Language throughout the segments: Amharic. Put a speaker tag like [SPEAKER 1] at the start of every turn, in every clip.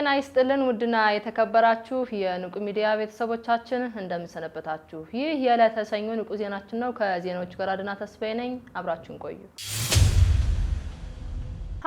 [SPEAKER 1] ጤና ይስጥልን ውድና የተከበራችሁ የንቁ ሚዲያ ቤተሰቦቻችን እንደምንሰነበታችሁ። ይህ የዕለተ ሰኞ ንቁ ዜናችን ነው። ከዜናዎቹ ጋር አድና ተስፋዬ ነኝ። አብራችሁን ቆዩ።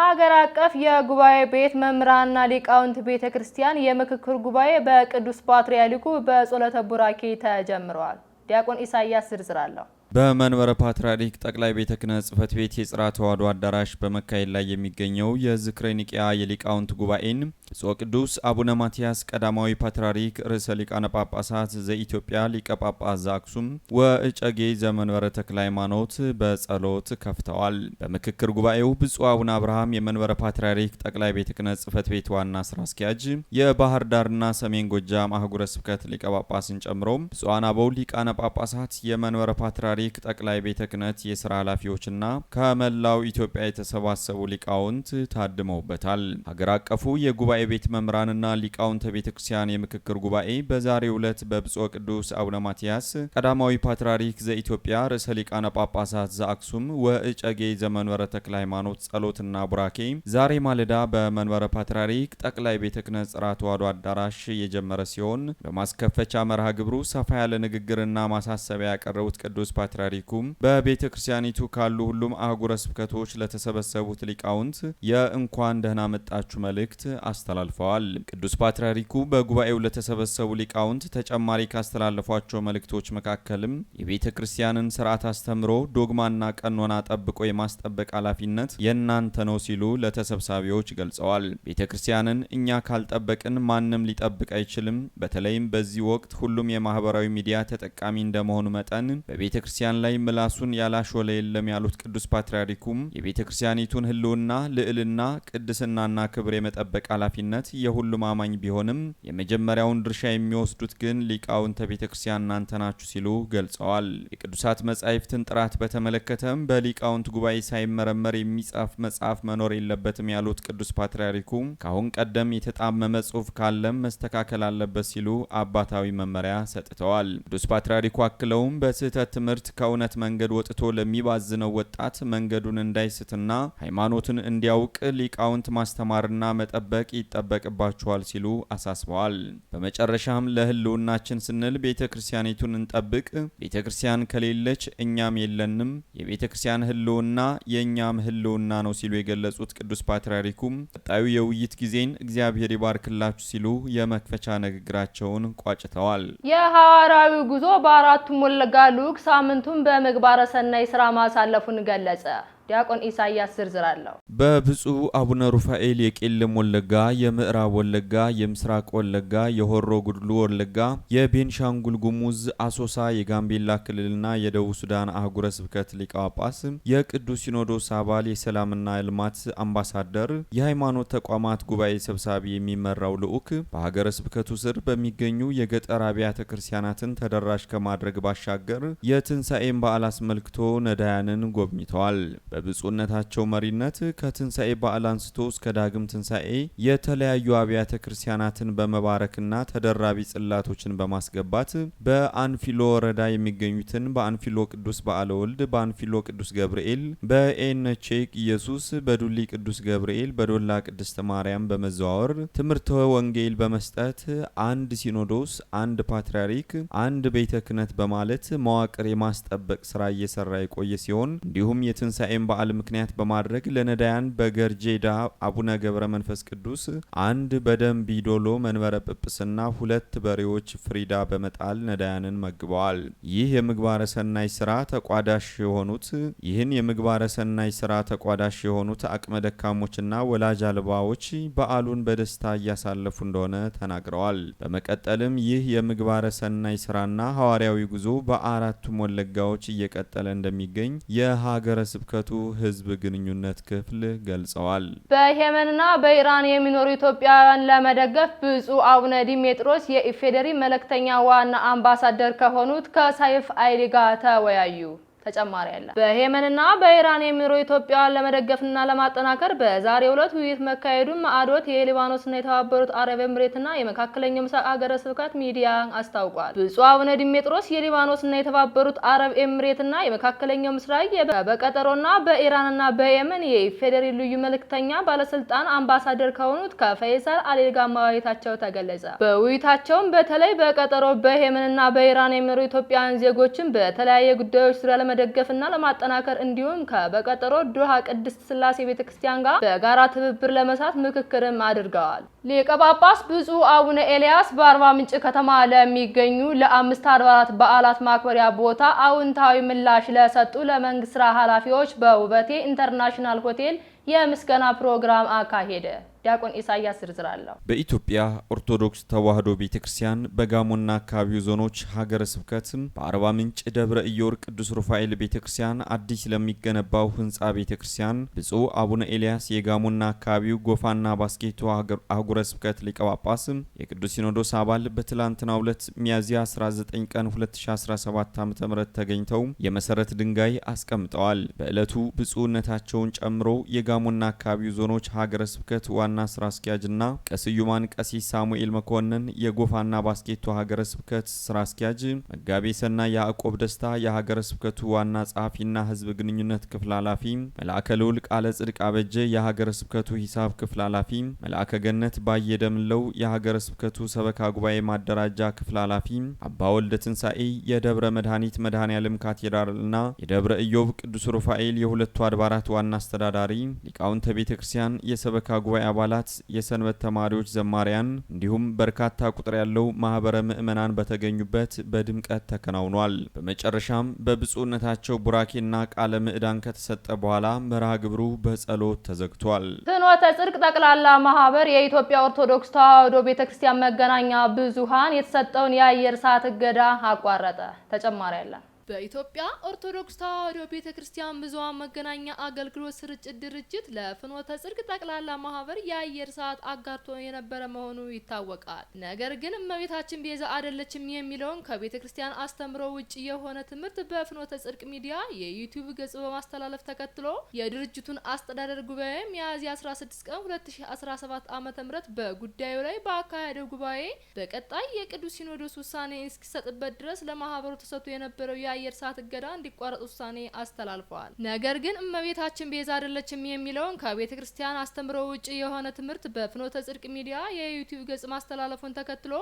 [SPEAKER 1] ሀገር አቀፍ የጉባኤ ቤት መምህራንና ሊቃውንት ቤተ ክርስቲያን የምክክር ጉባኤ በቅዱስ ፓትርያርኩ በጸሎተ ቡራኬ ተጀምረዋል። ዲያቆን ኢሳያስ ዝርዝር አለው።
[SPEAKER 2] በመንበረ ፓትርያርክ ጠቅላይ ቤተ ክህነት ጽሕፈት ቤት የጽርሐ ተዋሕዶ አዳራሽ በመካሄድ ላይ የሚገኘው የዝክረ ኒቅያ የሊቃውንት ጉባኤን ብፁዕ ቅዱስ አቡነ ማትያስ ቀዳማዊ ፓትርያርክ ርዕሰ ሊቃነ ጳጳሳት ዘኢትዮጵያ ሊቀ ጳጳስ ዘአክሱም ወእጨጌ ዘመንበረ ተክለ ሃይማኖት በጸሎት ከፍተዋል። በምክክር ጉባኤው ብፁዕ አቡነ አብርሃም የመንበረ ፓትርያርክ ጠቅላይ ቤተ ክህነት ጽሕፈት ቤት ዋና ስራ አስኪያጅ፣ የባህር ዳርና ሰሜን ጎጃም አህጉረ ስብከት ሊቀ ጳጳስን ጨምሮ ብፁዓን አበው ሊቃነ ጳጳሳት የመንበረ ፓትርያርክ ታሪክ ጠቅላይ ቤተ ክህነት የስራ ኃላፊዎችና ከመላው ኢትዮጵያ የተሰባሰቡ ሊቃውንት ታድመውበታል። ሀገር አቀፉ የጉባኤ ቤት መምህራንና ሊቃውንተ ቤተ ክርስቲያን የምክክር ጉባኤ በዛሬው ዕለት በብፁዕ ቅዱስ አቡነ ማትያስ ቀዳማዊ ፓትርያርክ ዘኢትዮጵያ ርዕሰ ሊቃነ ጳጳሳት ዘአክሱም ወእጨጌ ዘመንበረ ተክለ ሃይማኖት ጸሎትና ቡራኬ ዛሬ ማለዳ በመንበረ ፓትርያርክ ጠቅላይ ቤተ ክህነት ጽርሐ ተዋሕዶ አዳራሽ የጀመረ ሲሆን በማስከፈቻ መርሃ ግብሩ ሰፋ ያለ ንግግርና ማሳሰቢያ ያቀረቡት ቅዱስ ፓ ፓትርያርኩም በቤተ ክርስቲያኒቱ ካሉ ሁሉም አህጉረ ስብከቶች ለተሰበሰቡት ሊቃውንት የእንኳን ደህና መጣችሁ መልእክት አስተላልፈዋል። ቅዱስ ፓትርያርኩ በጉባኤው ለተሰበሰቡ ሊቃውንት ተጨማሪ ካስተላለፏቸው መልእክቶች መካከልም የቤተ ክርስቲያንን ስርዓት አስተምሮ ዶግማና ቀኖና ጠብቆ የማስጠበቅ ኃላፊነት የእናንተ ነው ሲሉ ለተሰብሳቢዎች ገልጸዋል። ቤተ ክርስቲያንን እኛ ካልጠበቅን ማንም ሊጠብቅ አይችልም። በተለይም በዚህ ወቅት ሁሉም የማህበራዊ ሚዲያ ተጠቃሚ እንደመሆኑ መጠን በቤተ ክርስቲያን ክርስቲያን ላይ ምላሱን ያላሾለ የለም ያሉት ቅዱስ ፓትርያርኩም የቤተ ክርስቲያኒቱን ሕልውና ልዕልና፣ ቅድስናና ክብር የመጠበቅ ኃላፊነት የሁሉም አማኝ ቢሆንም የመጀመሪያውን ድርሻ የሚወስዱት ግን ሊቃውንተ ቤተ ክርስቲያን እናንተ ናችሁ ሲሉ ገልጸዋል። የቅዱሳት መጻሕፍትን ጥራት በተመለከተም በሊቃውንት ጉባኤ ሳይመረመር የሚጻፍ መጽሐፍ መኖር የለበትም ያሉት ቅዱስ ፓትርያርኩ ከአሁን ቀደም የተጣመመ ጽሑፍ ካለም መስተካከል አለበት ሲሉ አባታዊ መመሪያ ሰጥተዋል። ቅዱስ ፓትርያርኩ አክለውም በስህተት ትምህርት ትምህርት ከእውነት መንገድ ወጥቶ ለሚባዝነው ወጣት መንገዱን እንዳይስትና ሃይማኖትን እንዲያውቅ ሊቃውንት ማስተማርና መጠበቅ ይጠበቅባቸዋል ሲሉ አሳስበዋል። በመጨረሻም ለህልውናችን ስንል ቤተ ክርስቲያኒቱን እንጠብቅ። ቤተ ክርስቲያን ከሌለች እኛም የለንም። የቤተ ክርስቲያን ህልውና የእኛም ህልውና ነው ሲሉ የገለጹት ቅዱስ ፓትርያርኩም ቀጣዩ የውይይት ጊዜን እግዚአብሔር ይባርክላችሁ ሲሉ የመክፈቻ ንግግራቸውን ቋጭተዋል።
[SPEAKER 1] የሐዋርያዊ ጉዞ በአራቱም ወለጋ ልዑክ ሳምንት ሳምንቱን በምግባረ ሰናይ ስራ ማሳለፉን ገለጸ። ዲያቆን ኢሳያስ ዝርዝር አለው።
[SPEAKER 2] በብፁዕ አቡነ ሩፋኤል የቄለም ወለጋ፣ የምዕራብ ወለጋ፣ የምስራቅ ወለጋ፣ የሆሮ ጉድሉ ወለጋ፣ የቤንሻንጉል ጉሙዝ፣ አሶሳ፣ የጋምቤላ ክልልና የደቡብ ሱዳን አህጉረ ስብከት ሊቀ ጳጳስ፣ የቅዱስ ሲኖዶስ አባል፣ የሰላምና ልማት አምባሳደር፣ የሃይማኖት ተቋማት ጉባኤ ሰብሳቢ የሚመራው ልዑክ በሀገረ ስብከቱ ስር በሚገኙ የገጠር አብያተ ክርስቲያናትን ተደራሽ ከማድረግ ባሻገር የትንሣኤን በዓል አስመልክቶ ነዳያንን ጎብኝተዋል። በብፁዕነታቸው መሪነት ከትንሣኤ በዓል አንስቶ እስከ ዳግም ትንሣኤ የተለያዩ አብያተ ክርስቲያናትን በመባረክና ተደራቢ ጽላቶችን በማስገባት በአንፊሎ ወረዳ የሚገኙትን በአንፊሎ ቅዱስ በዓለ ወልድ፣ በአንፊሎ ቅዱስ ገብርኤል፣ በኤነቼ ኢየሱስ፣ በዱሊ ቅዱስ ገብርኤል፣ በዶላ ቅድስተ ማርያም በመዘዋወር ትምህርተ ወንጌል በመስጠት አንድ ሲኖዶስ፣ አንድ ፓትርያርክ፣ አንድ ቤተ ክህነት በማለት መዋቅር የማስጠበቅ ስራ እየሰራ የቆየ ሲሆን እንዲሁም የትንሣኤ የትንሣኤን በዓል ምክንያት በማድረግ ለነዳያን በገርጄዳ አቡነ ገብረ መንፈስ ቅዱስ አንድ በደም ቢዶሎ መንበረ ጵጵስና ሁለት በሬዎች ፍሪዳ በመጣል ነዳያንን መግበዋል። ይህ የምግባረ ሰናይ ስራ ተቋዳሽ የሆኑት ይህን የምግባረ ሰናይ ስራ ተቋዳሽ የሆኑት አቅመ ደካሞችና ወላጅ አልባዎች በዓሉን በደስታ እያሳለፉ እንደሆነ ተናግረዋል። በመቀጠልም ይህ የምግባረ ሰናይ ስራና ሐዋርያዊ ጉዞ በአራቱም ወለጋዎች እየቀጠለ እንደሚገኝ የሀገረ ስብከቱ ህዝብ ግንኙነት ክፍል ገልጸዋል።
[SPEAKER 1] በየመንና በኢራን የሚኖሩ ኢትዮጵያውያን ለመደገፍ ብፁዕ አቡነ ዲሜጥሮስ የኢፌዴሪ መልእክተኛ ዋና አምባሳደር ከሆኑት ከሳይፍ አይሊ ጋር ተወያዩ። ተጨማሪ አለ። በየመንና በኢራን የሚኖሩ ኢትዮጵያውያን ለመደገፍና ለማጠናከር በዛሬው ዕለት ውይይት መካሄዱን ማዕዶት የሊባኖስና የተባበሩት አረብ ኤምሬትና የመካከለኛው ምስራቅ ሀገረ ስብከት ሚዲያ አስታውቋል። ብፁዕ አቡነ ዲሜጥሮስ የሊባኖስና የተባበሩት አረብ ኤምሬትና የመካከለኛው ምስራቅ በቀጠሮና በኢራንና በየመን የኢፌዴሪ ልዩ መልእክተኛ ባለስልጣን አምባሳደር ከሆኑት ከፈይሳል አሊል ጋር መወያየታቸው ተገለጸ። በውይይታቸውም በተለይ በቀጠሮ በየመንና በኢራን የሚኖሩ ኢትዮጵያውያን ዜጎችን በተለያየ ጉዳዮች ዙሪያ ለመደገፍና ለማጠናከር እንዲሁም ከበቀጠሮ ድሃ ቅድስት ስላሴ ቤተክርስቲያን ጋር በጋራ ትብብር ለመስራት ምክክርም አድርገዋል። ሊቀ ጳጳስ ብፁዕ አቡነ ኤልያስ በአርባ ምንጭ ከተማ ለሚገኙ ለአምስት አድባራት በዓላት ማክበሪያ ቦታ አውንታዊ ምላሽ ለሰጡ ለመንግስት ስራ ኃላፊዎች በውበቴ ኢንተርናሽናል ሆቴል የምስጋና ፕሮግራም አካሄደ። ዲያቆን ኢሳያስ ዝርዝር አለው።
[SPEAKER 2] በኢትዮጵያ ኦርቶዶክስ ተዋሕዶ ቤተ ክርስቲያን በጋሞና አካባቢው ዞኖች ሀገረ ስብከት በአርባ ምንጭ ደብረ ኢዮር ቅዱስ ሩፋኤል ቤተ ክርስቲያን አዲስ ለሚገነባው ህንፃ ቤተ ክርስቲያን ብፁዕ አቡነ ኤልያስ የጋሞና አካባቢው ጎፋና ባስኬቶ አህጉረ ስብከት ሊቀ ጳጳስ የቅዱስ ሲኖዶስ አባል በትላንትናው ዕለት ሚያዝያ 19 ቀን 2017 ዓ ም ተገኝተው የመሰረት ድንጋይ አስቀምጠዋል። በዕለቱ ብፁዕነታቸውን ጨምሮ የጋሞና አካባቢው ዞኖች ሀገረ ስብከት ዋና ዋና ስራ አስኪያጅና ቀስዩማን ቀሲስ ሳሙኤል መኮንን የጎፋና ባስኬቶ ሀገረ ስብከት ስራ አስኪያጅ፣ መጋቤ ሰናይ ያዕቆብ ደስታ የሀገረ ስብከቱ ዋና ጸሐፊና ህዝብ ግንኙነት ክፍል ኃላፊ፣ መልአከ ልዑል ቃለ ጽድቅ አበጀ የሀገረ ስብከቱ ሂሳብ ክፍል ኃላፊ፣ መልአከ ገነት ባየ ደምለው የሀገረ ስብከቱ ሰበካ ጉባኤ ማደራጃ ክፍል ኃላፊ፣ አባ ወልደ ትንሣኤ የደብረ መድኃኒት መድኃኔ ዓለም ካቴድራልና የደብረ ኢዮብ ቅዱስ ሩፋኤል የሁለቱ አድባራት ዋና አስተዳዳሪ፣ ሊቃውንተ ቤተ ክርስቲያን የሰበካ ጉባኤ አባ አባላት፣ የሰንበት ተማሪዎች፣ ዘማሪያን እንዲሁም በርካታ ቁጥር ያለው ማህበረ ምዕመናን በተገኙበት በድምቀት ተከናውኗል። በመጨረሻም በብፁዕነታቸው ቡራኬና ቃለ ምዕዳን ከተሰጠ በኋላ መርሃ ግብሩ በጸሎት ተዘግቷል።
[SPEAKER 1] ፍኖተ ጽድቅ ጠቅላላ ማህበር የኢትዮጵያ ኦርቶዶክስ ተዋሕዶ ቤተ ክርስቲያን መገናኛ ብዙሃን የተሰጠውን የአየር ሰዓት እገዳ አቋረጠ። ተጨማሪ ያለን በኢትዮጵያ ኦርቶዶክስ ተዋሕዶ ቤተ ክርስቲያን ብዙኃን መገናኛ አገልግሎት ስርጭት ድርጅት ለፍኖተ ጽድቅ ጠቅላላ ማህበር የአየር ሰዓት አጋርቶ የነበረ መሆኑ ይታወቃል። ነገር ግን እመቤታችን ቤዛ አይደለችም የሚለውን ከቤተ ክርስቲያን አስተምሮ ውጭ የሆነ ትምህርት በፍኖተ ጽድቅ ሚዲያ የዩቲዩብ ገጽ በማስተላለፍ ተከትሎ የድርጅቱን አስተዳደር ጉባኤ ሚያዝያ 16 ቀን 2017 ዓ ም በጉዳዩ ላይ በአካሄደው ጉባኤ በቀጣይ የቅዱስ ሲኖዶስ ውሳኔ እስኪሰጥበት ድረስ ለማህበሩ ተሰጥቶ የነበረው የአየር ሰዓት እገዳ እንዲቋረጥ ውሳኔ አስተላልፈዋል። ነገር ግን እመቤታችን ቤዛ አይደለችም የሚለውን ከቤተ ክርስቲያን አስተምሮ ውጭ የሆነ ትምህርት በፍኖተ ጽድቅ ሚዲያ የዩቲዩብ ገጽ ማስተላለፉን ተከትሎ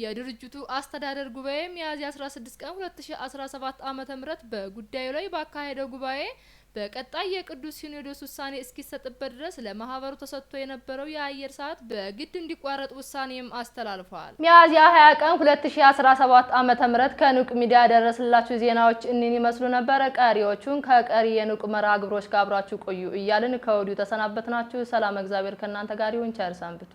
[SPEAKER 1] የድርጅቱ አስተዳደር ጉባኤ ሚያዝያ 16 ቀን 2017 ም በጉዳዩ ላይ ባካሄደው ጉባኤ በቀጣይ የቅዱስ ሲኖዶስ ውሳኔ እስኪሰጥበት ድረስ ለማህበሩ ተሰጥቶ የነበረው የአየር ሰዓት በግድ እንዲቋረጥ ውሳኔም አስተላልፏል። ሚያዝያ 20 ቀን 2017 ዓ ም ከንቁ ሚዲያ ያደረስላችሁ ዜናዎች እንን ይመስሉ ነበረ። ቀሪዎቹን ከቀሪ የንቁ መርሃ ግብሮች ጋር አብራችሁ ቆዩ እያልን ከወዲሁ ናችሁ ሰላም እግዚአብሔር ከእናንተ ጋር ይሁን። ቸር ሰንብቱ።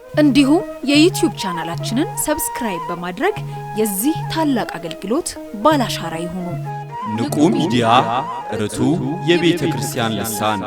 [SPEAKER 1] እንዲሁም የዩትዩብ ቻናላችንን ሰብስክራይብ በማድረግ የዚህ ታላቅ አገልግሎት ባላሻራ ይሁኑ።
[SPEAKER 2] ንቁ ሚዲያ ርቱ የቤተ ክርስቲያን ልሳን